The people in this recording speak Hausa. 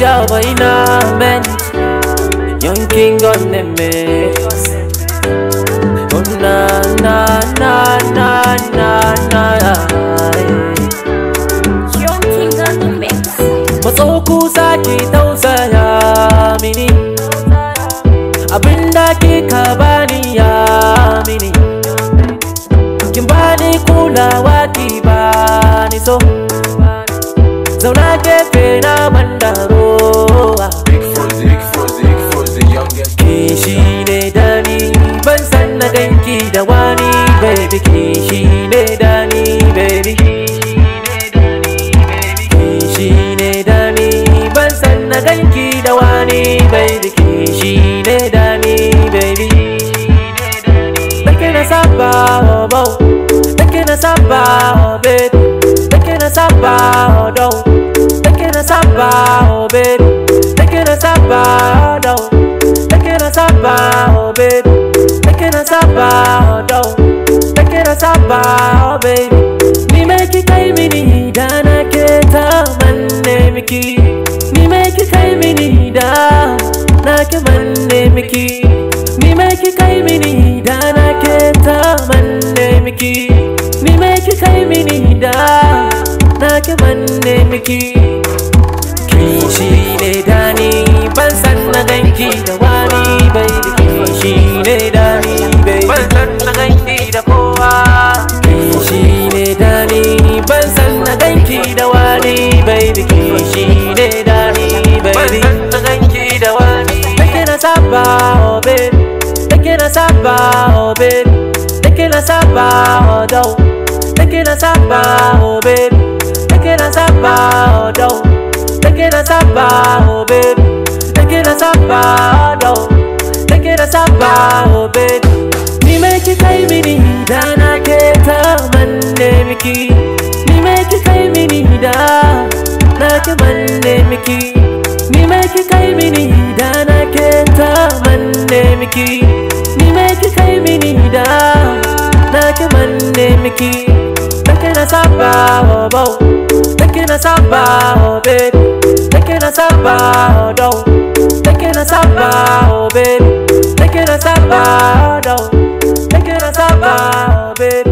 져 보이너만 연기인 건 내매 오나나나나나나 Masoku sake tausaya mini Abinda kika bani ya mini Kin bani kulawa ki bani so Zauna gefe biki shi ne dani baby Nake na saba oh bow Nake na saba oh baby Nake na saba oh dow Nake na saba oh baby Nake na saba oh dow Nake na saba oh baby Nake na saba oh dow Nake na saba oh baby Ni me ki kai mini dana ke ta manne miki manne miki ni kai mini da na ke ta manne miki ni kai mini da na ke manne miki ki shi ne dani ban san na ganki da wani bai ki shi ne dani bai ban san na ganki da kowa ki shi ne dani ban san na ganki da wani bai ki samba, oh baby. Making a samba, oh baby. Making a samba, oh dough. Making a samba, oh baby. Making a samba, oh dough. Making a samba, oh baby. Making a samba, oh dough. Making a samba, oh baby. Ni me ki kai mini da na ke ta manne miki. Ni me ki kai mini da na ke manne miki. Ni me ki kai mini da na me take na saba oh bow take take take take take baby